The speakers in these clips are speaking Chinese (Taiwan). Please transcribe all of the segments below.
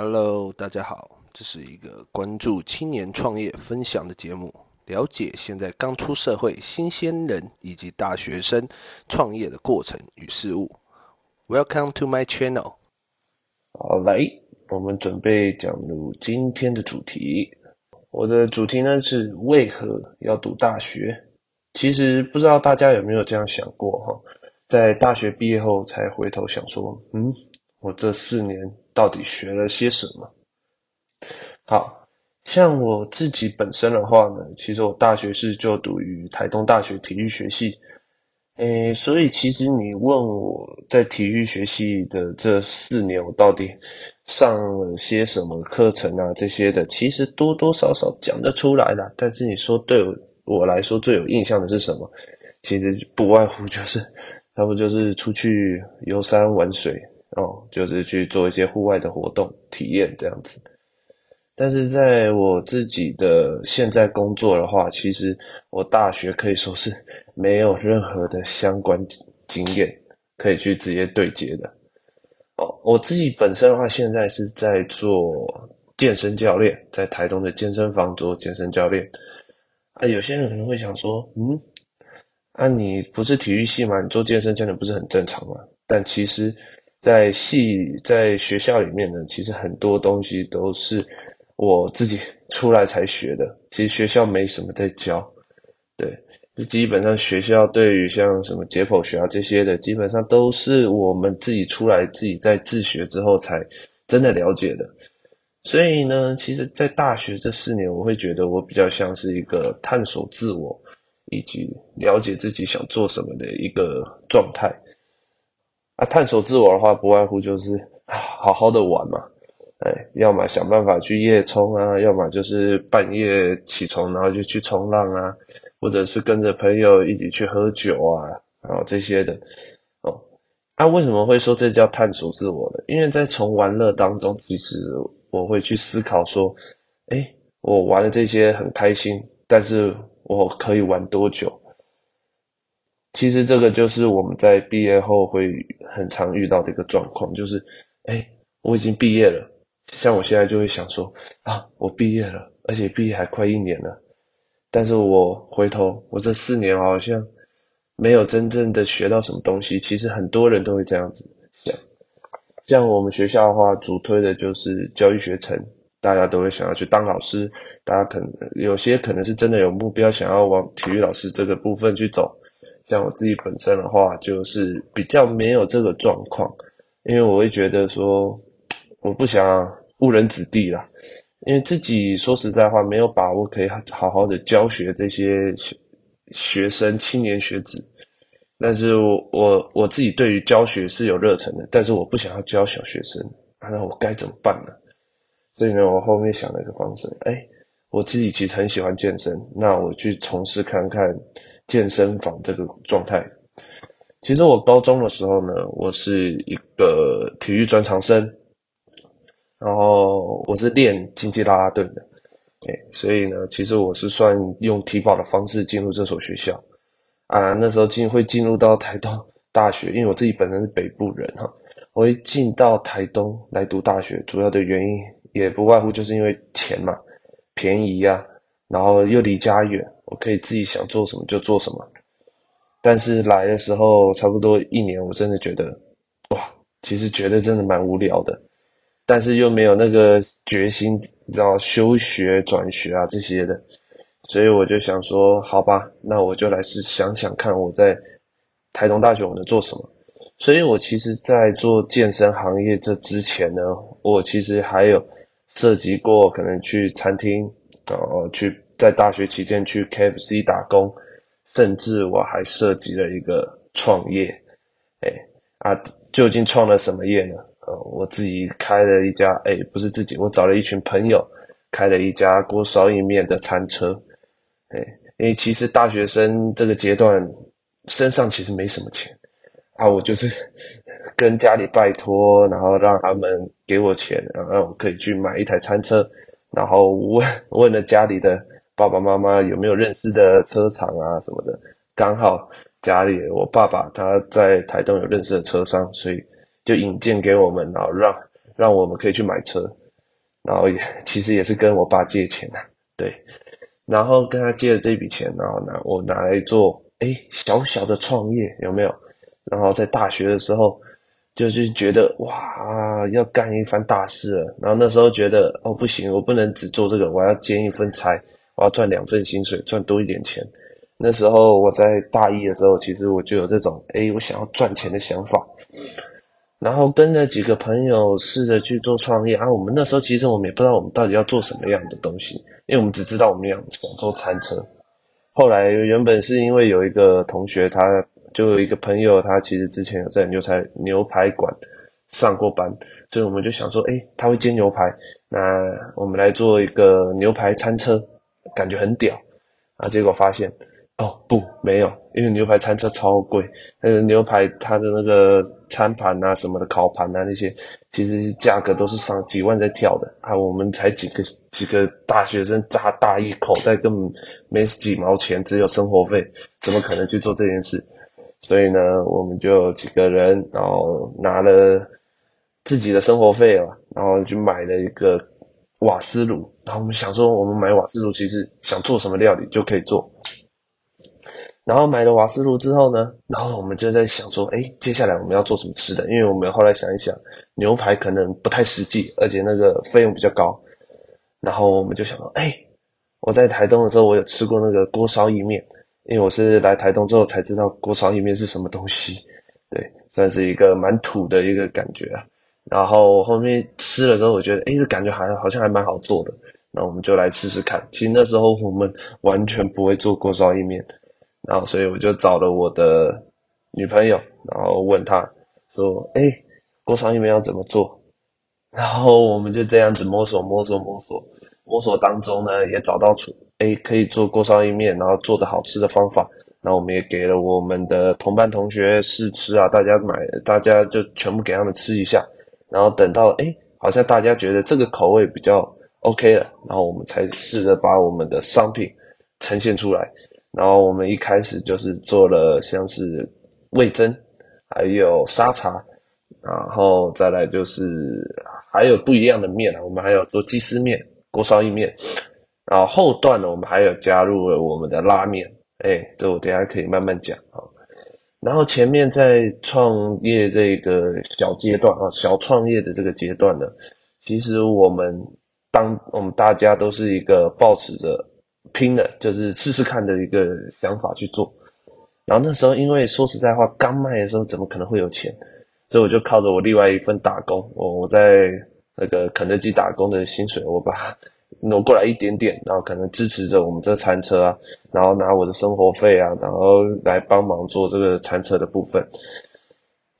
Hello，大家好，這是一個關注青年創業分享的節目，了解現在剛出社會新鮮人以及大學生創業的過程與事物。Welcome to my channel。好，來，我們準備講入今天的主題。我的主題呢是為何要讀大學？其實不知道大家有沒有這樣想過哈，在大學畢業後才回頭想說，嗯，我這四年。到底學了些什麼？好像我自己本身的話呢，其實我大學是就讀於台東大學體育學系，誒、欸，所以其實你問我在體育學系的這四年，我到底上了些什麼課程啊，這些的，其實多多少少講得出來啦。但是你說對我，我來說最有印象的是什麼？其實不外乎就是，要不就是出去遊山玩水。哦，就是去做一些戶外的活動體驗這樣子。但是在我自己的現在工作的話，其實我大學可以說是沒有任何的相關經驗可以去直接對接的。哦，我自己本身的話，現在是在做健身教練，在台東的健身房做健身教練。啊，有些人可能會想說，嗯，啊，你不是體育系嗎？你做健身教練不是很正常嗎？但其實。在系在學校裡面呢，其實很多東西都是我自己出來才學的。其實學校沒什麼在教，對，就基本上學校對於像什麼解剖學啊這些的，基本上都是我們自己出來自己在自學之後才真的了解的。所以呢，其實，在大學這四年，我會覺得我比較像是一個探索自我以及了解自己想做什麼的一個狀態。啊，探索自我的話，不外乎就是好好的玩嘛，哎，要麼想辦法去夜衝啊，要麼就是半夜起床，然後就去衝浪啊，或者是跟着朋友一起去喝酒啊，然後這些的。哦，那為什麼會說這叫探索自我呢？因為在從玩樂當中，其實我會去思考說，哎、欸，我玩的這些很開心，但是我可以玩多久？其實這個就是我們在畢業後會很常遇到的一個狀況，就是，哎，我已經畢業了，像我現在就會想說啊，我畢業了，而且畢業還快一年了，但是我回頭，我這四年好像沒有真正的學到什麼東西。其實很多人都會這樣子想，像我們學校的話，主推的就是教育學程，大家都會想要去當老師，大家可能有些可能是真的有目標想要往體育老師這個部分去走。像我自己本身的話，就是比較沒有這個狀況，因為我會覺得說，我不想、啊、誤人子弟啦。因為自己說實在話沒有把握可以好好的教學這些學生青年學子。但是我，我我我自己對於教學是有熱忱的，但是我不想要教小學生，啊、那我該怎麼辦呢、啊？所以呢，我後面想了一個方式，哎，我自己其實很喜歡健身，那我去從事看看。健身房這個狀態，其實我高中的時候呢，我是一個體育專長生，然後我是練競技拉拉隊的，哎，所以呢，其實我是算用體保的方式進入這所學校啊。那時候進會進入到台東大學，因為我自己本身是北部人哈，我一進到台東來讀大學，主要的原因也不外乎就是因為錢嘛，便宜呀，啊，然後又離家遠。我可以自己想做什麼就做什麼，但是來的時候差不多一年，我真的覺得，哇，其實覺得真的蠻無聊的，但是又沒有那個決心，然後休學、轉學啊這些的，所以我就想說，好吧，那我就來試想想看我在台東大學我能做什麼。所以我其實，在做健身行業這之前呢，我其實還有涉及過，可能去餐廳，然後去，在大學期間去 KFC 打工，甚至我還涉及了一個創業，哎啊，究竟創了什麼業呢？呃，我自己開了一家，哎，不是自己，我找了一群朋友開了一家鍋燒意麵的餐車，哎，因為其實大學生這個階段身上其實沒什麼錢，啊，我就是跟家裡拜託，然後讓他們給我錢，然後讓我可以去買一台餐車，然後問問了家裡的。爸爸媽媽有沒有認識的車廠啊什麼的？剛好家裡我爸爸他在台東有認識的車商，所以就引薦給我們，然後讓讓我們可以去買車。然後也其實也是跟我爸借錢呐、啊，對。然後跟他借了這筆錢，然後拿我拿來做哎小小的創業有沒有？然後在大學的時候就就是覺得哇要幹一番大事了。然後那時候覺得哦不行，我不能只做這個，我要兼一份差。我要賺兩份薪水，賺多一點錢。那時候我在大一的時候，其實我就有這種，哎，我想要賺錢的想法。然後跟了幾個朋友試着去做創業啊。我們那時候其實我們也不知道我們到底要做什麼樣的東西，因為我們只知道我們要想做餐車。後來原本是因為有一個同學，他就有一個朋友，他其實之前有在牛排牛排館上過班，所以我們就想說，哎，他會煎牛排，那我們來做一個牛排餐車。感覺很屌啊！結果發現，哦不，沒有，因為牛排餐車超貴。那個牛排它的那個餐盤啊、什麼的烤盤啊那些，其實價格都是上幾萬在跳的啊。我們才幾個幾個大學生大，大大一口袋根本沒幾毛錢，只有生活費，怎麼可能去做這件事？所以呢，我們就有幾個人，然後拿了自己的生活費啊，然後去買了一個瓦斯爐。然後我們想說，我們買瓦斯爐其實想做什麼料理就可以做。然後買了瓦斯爐之後呢，然後我們就在想說，哎，接下來我們要做什麼吃的？因為我們後來想一想，牛排可能不太實際，而且那個費用比較高。然後我們就想到，哎，我在台東的時候，我有吃過那個鍋燒意麵，因為我是來台東之後才知道鍋燒意麵是什麼東西，對，算是一個蠻土的一個感覺啊。然後我後面吃了之後，我覺得，哎，這感覺好像還好像還蠻好做的。那我們就來試試看。其實那時候我們完全不會做鍋燒意麵，然後所以我就找了我的女朋友，然後問她說：“哎，鍋燒意麵要怎麼做？”然後我們就這樣子摸索摸索摸索摸索當中呢，也找到出哎可以做鍋燒意麵，然後做的好吃的方法。然後我們也給了我們的同班同學試吃啊，大家買，大家就全部給他們吃一下。然後等到哎，好像大家覺得這個口味比較。OK 了，然後我們才試着把我們的商品呈現出來。然後我們一開始就是做了像是味噌，還有沙茶，然後再來就是還有不一樣的麵啊，我們還有做雞絲麵、鍋燒意麵。然後後段呢，我們還有加入了我們的拉麵。哎，這我等一下可以慢慢講啊。然後前面在創業這個小階段啊，小創業的這個階段呢，其實我們。當我們大家都是一個抱持着拼的，就是試試看的一個想法去做。然後那時候，因為說實在話，剛賣的時候，怎麼可能會有錢？所以我就靠着我另外一份打工，我我在那個肯德基打工的薪水，我把它挪過來一點點，然後可能支持着我們這餐車啊，然後拿我的生活費啊，然後來幫忙做這個餐車的部分。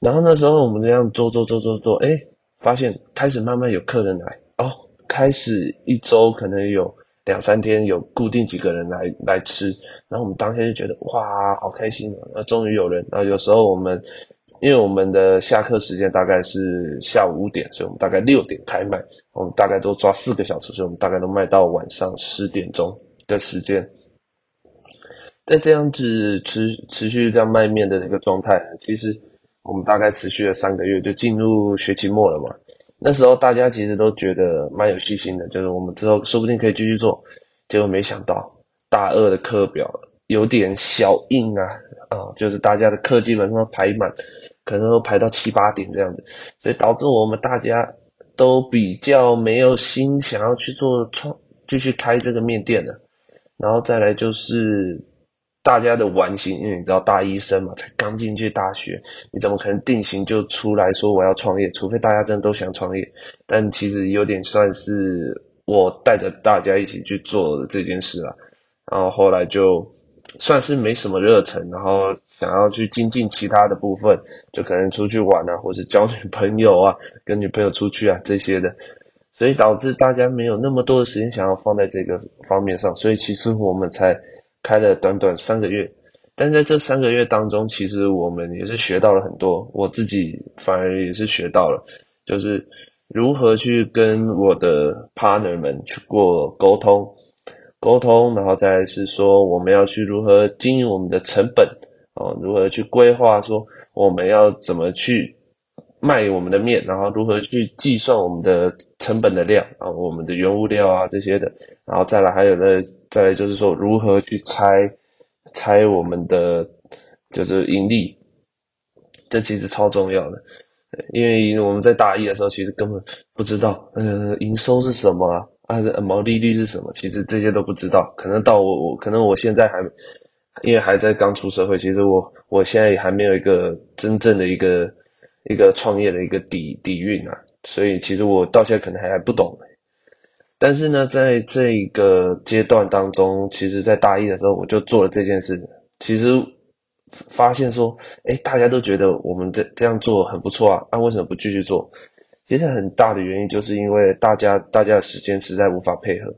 然後那時候我們這樣做做做做做，誒，發現開始慢慢有客人來。開始一周可能有兩三天有固定幾個人來來吃，然後我們當天就覺得哇，好開心啊！終於有人。然後有時候我們因為我們的下課時間大概是下午五點，所以我們大概六點開賣，我們大概都抓四個小時，所以我們大概都賣到晚上十點鐘的時間。在這樣子持續持續這樣賣麵的一個狀態，其實我們大概持續了三個月，就進入學期末了嘛。那時候大家其實都覺得蠻有信心的，就是我們之後說不定可以繼續做，結果沒想到大二的課表有點小硬啊，啊、哦，就是大家的課基本上排滿，可能都排到七八點這樣子，所以導致我們大家都比較沒有心想要去做創，繼續開這個麵店了，然後再來就是。大家的玩心，因為你知道大一生嘛，才剛進去大學，你怎麼可能定型就出來說我要創業？除非大家真的都想創業，但其實有點算是我帶着大家一起去做的這件事了、啊。然後後來就算是沒什麼熱忱，然後想要去精進其他的部分，就可能出去玩啊，或者交女朋友啊，跟女朋友出去啊這些的，所以導致大家沒有那麼多的時間想要放在這個方面上。所以其實我們才。開了短短三個月，但在這三個月當中，其實我們也是學到了很多。我自己反而也是學到了，就是如何去跟我的 partner 們去過溝通，溝通，然後再來是說我們要去如何經營我們的成本哦，如何去規劃，說我們要怎麼去。賣我們的面，然後如何去計算我們的成本的量啊，我們的原物料啊這些的，然後再來還有呢再來就是說如何去拆拆我們的就是盈利，這其實超重要的，因為我們在大一的時候其實根本不知道，嗯、呃，營收是什麼啊，毛利率是什麼，其實這些都不知道。可能到我我可能我現在還因為還在剛出社會，其實我我現在也還沒有一個真正的一個。一個創業的一個底底蘊啊，所以其實我到現在可能還，還不懂。但是呢，在這個階段當中，其實，在大一的時候我就做了這件事。其實發現說，哎，大家都覺得我們這這樣做很不錯啊，啊，那為什麼不繼續做？其實很大的原因就是因為大家大家的時間實在無法配合，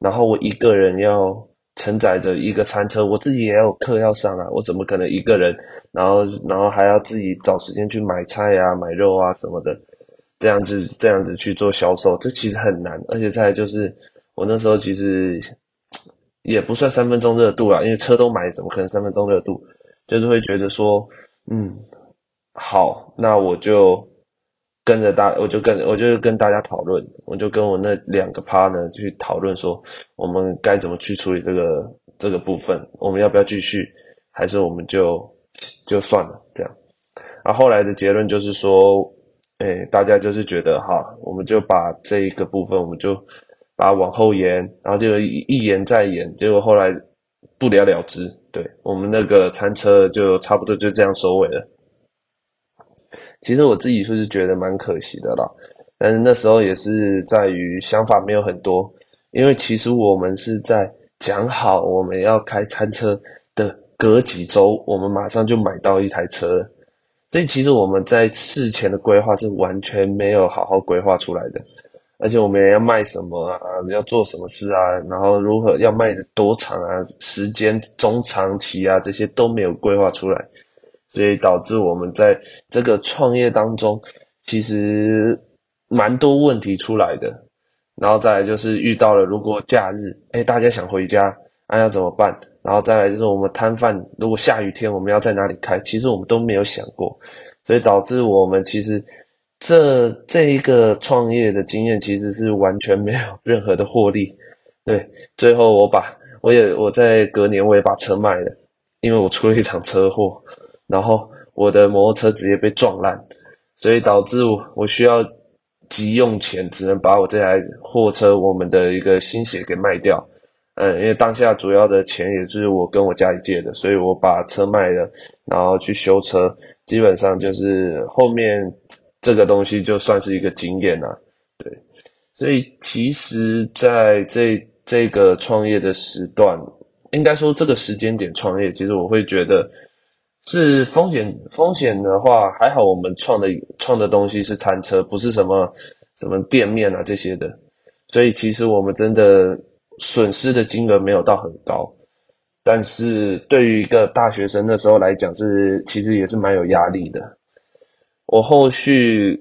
然後我一個人要。承載着一個餐車，我自己也有課要上啊，我怎麼可能一個人，然後然後還要自己找時間去買菜啊、買肉啊什麼的，這樣子這樣子去做銷售，這其實很難。而且再來就是我那時候其實也不算三分鐘熱度啊，因為車都買，怎麼可能三分鐘熱度？就是會覺得說，嗯，好，那我就。跟着大，我就跟我就跟大家討論，我就跟我那兩個 partner 去討論說，我們該怎麼去處理這個這個部分，我們要不要繼續，還是我們就就算了這樣。然後後來的結論就是說，哎，大家就是覺得哈，我們就把這一個部分，我們就把它往後延，然後就一，一延再延，結果後來不了了之。對，我們那個餐車就差不多就這樣收尾了。其實我自己就是覺得蠻可惜的啦，但是那時候也是在於想法沒有很多，因為其實我們是在講好我們要開餐車的隔幾周，我們馬上就買到一台車，所以其實我們在事前的規劃是完全沒有好好規劃出來的，而且我們要賣什麼啊，要做什麼事啊，然後如何要賣得多長啊，時間中長期啊，這些都沒有規劃出來。所以導致我們在這個創業當中，其實蠻多問題出來的。然後再來就是遇到了，如果假日，誒，大家想回家，那要怎麼辦？然後再來就是我們攤販，如果下雨天，我們要在哪裡開？其實我們都沒有想過。所以導致我們其實這這一個創業的經驗，其實是完全沒有任何的獲利。對，最後我把我也我在隔年我也把車賣了，因為我出了一場車禍。然後我的摩托車直接被撞爛，所以導致我我需要急用錢，只能把我這台貨車，我們的一個心血給賣掉。嗯，因為當下主要的錢也是我跟我家裡借的，所以我把車賣了，然後去修車。基本上就是後面這個東西就算是一個經驗了啊。對，所以其實在這這個創業的時段，應該說這個時間點創業，其實我會覺得是風險，風險的話還好，我們創的創的東西是餐車，不是什麼什麼店面啊這些的，所以其實我們真的損失的金額沒有到很高，但是對於一個大學生那時候來講是，是其實也是蠻有壓力的。我後續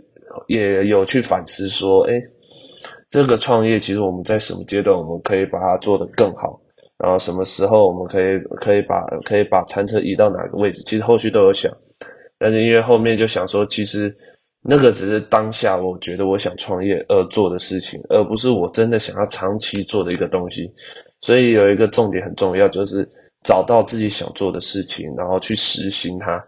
也有去反思說，哎，這個創業其實我們在什麼階段我們可以把它做得更好？然後什麼時候我們可以可以把可以把餐車移到哪個位置？其實後續都有想，但是因為後面就想說，其實那個只是當下我覺得我想創業而做的事情，而不是我真的想要長期做的一個東西。所以有一個重點很重要，就是找到自己想做的事情，然後去實行它，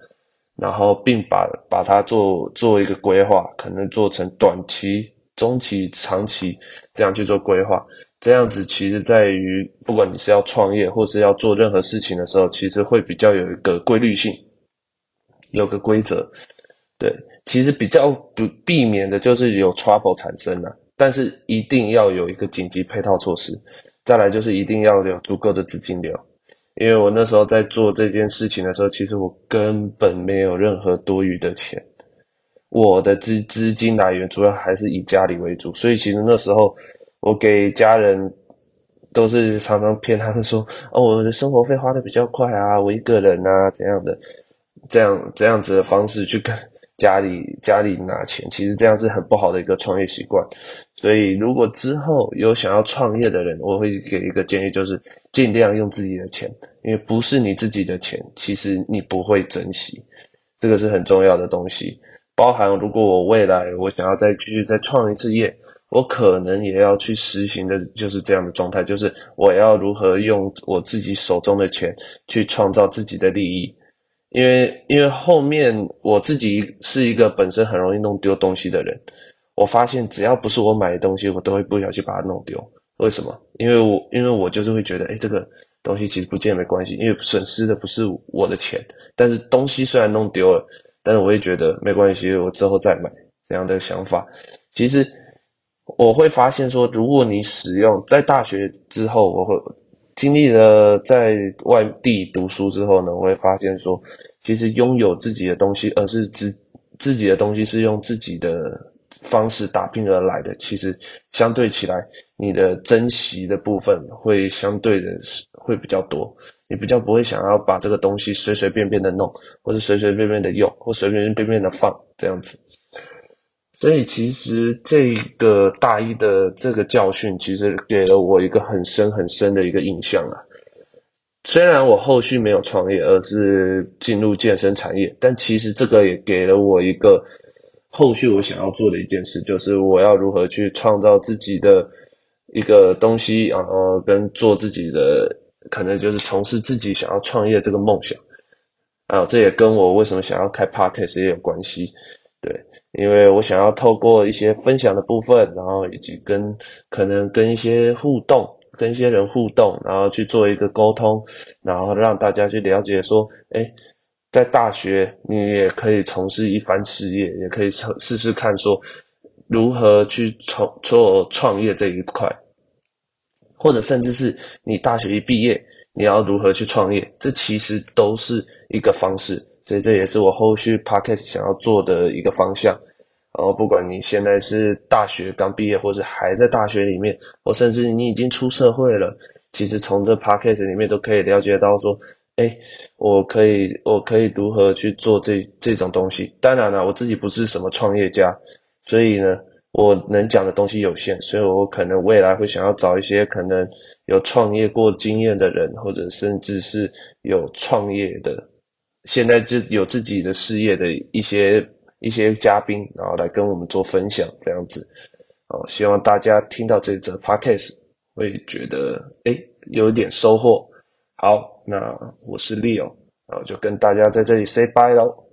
然後並把把它做做一個規劃，可能做成短期、中期、長期這樣去做規劃。這樣子其實在於，不管你是要創業或是要做任何事情的時候，其實會比較有一個規律性，有個規則。對，其實比較不避免的就是有 trouble 產生啦，但是一定要有一個緊急配套措施。再來就是一定要有足夠的資金流，因為我那時候在做這件事情的時候，其實我根本沒有任何多餘的錢，我的資資金來源主要還是以家裡為主，所以其實那時候。我給家人都是常常騙他們說，哦，我的生活費花得比較快啊，我一個人啊，怎樣的，這樣這樣子的方式去跟家裡家裡拿錢，其實這樣是很不好的一個創業習慣。所以，如果之後有想要創業的人，我會給一個建議，就是盡量用自己的錢，因為不是你自己的錢，其實你不會珍惜，這個是很重要的東西。包含如果我未來我想要再繼續再創一次業。我可能也要去實行的，就是這樣的狀態，就是我要如何用我自己手中的錢去創造自己的利益，因為因為後面我自己是一個本身很容易弄丟東西的人，我發現只要不是我買的東西，我都會不小心把它弄丟。為什麼？因為我因為我就是會覺得，誒、哎，這個東西其實不見沒關係，因為損失的不是我的錢，但是東西雖然弄丟了，但是我也覺得沒關係，我之後再買這樣的想法，其實。我會發現說，如果你使用在大學之後，我會經歷了在外地讀書之後呢，我會發現說，其實擁有自己的東西，而是自自己的東西是用自己的方式打拼而來的，其實相對起來，你的珍惜的部分會相對的會比較多，你比較不會想要把這個東西隨隨便便的弄，或者隨隨便便的用，或隨隨便便的放，這樣子。所以，其實這個大一的這個教訓，其實給了我一個很深很深的一個印象啊。雖然我後續沒有創業，而是進入健身產業，但其實這個也給了我一個後續我想要做的一件事，就是我要如何去創造自己的一個東西，然後跟做自己的，可能就是從事自己想要創業這個夢想。啊，這也跟我為什麼想要開 podcast 也有關係，對。因為我想要透過一些分享的部分，然後以及跟可能跟一些互動，跟一些人互動，然後去做一個溝通，然後讓大家去了解說，哎，在大學你也可以從事一番事業，也可以試試試看說如何去從做創業這一塊，或者甚至是你大學一畢業，你要如何去創業，這其實都是一個方式。所以這也是我後續 Podcast 想要做的一個方向，然後不管你現在是大學剛畢業，或者還在大學裡面，或甚至你已經出社會了，其實從這 Podcast 裡面都可以了解到說，哎，我可以我可以如何去做這這種東西。當然了啊，我自己不是什麼創業家，所以呢，我能講的東西有限，所以我可能未來會想要找一些可能有創業過經驗的人，或者甚至是有創業的。現在就有自己的事業的一些一些嘉賓，然後來跟我們做分享這樣子，哦，希望大家聽到這則 Podcast 會覺得誒有一點收穫。好，那我是 Leo，然後就跟大家在這裡 say bye 咯。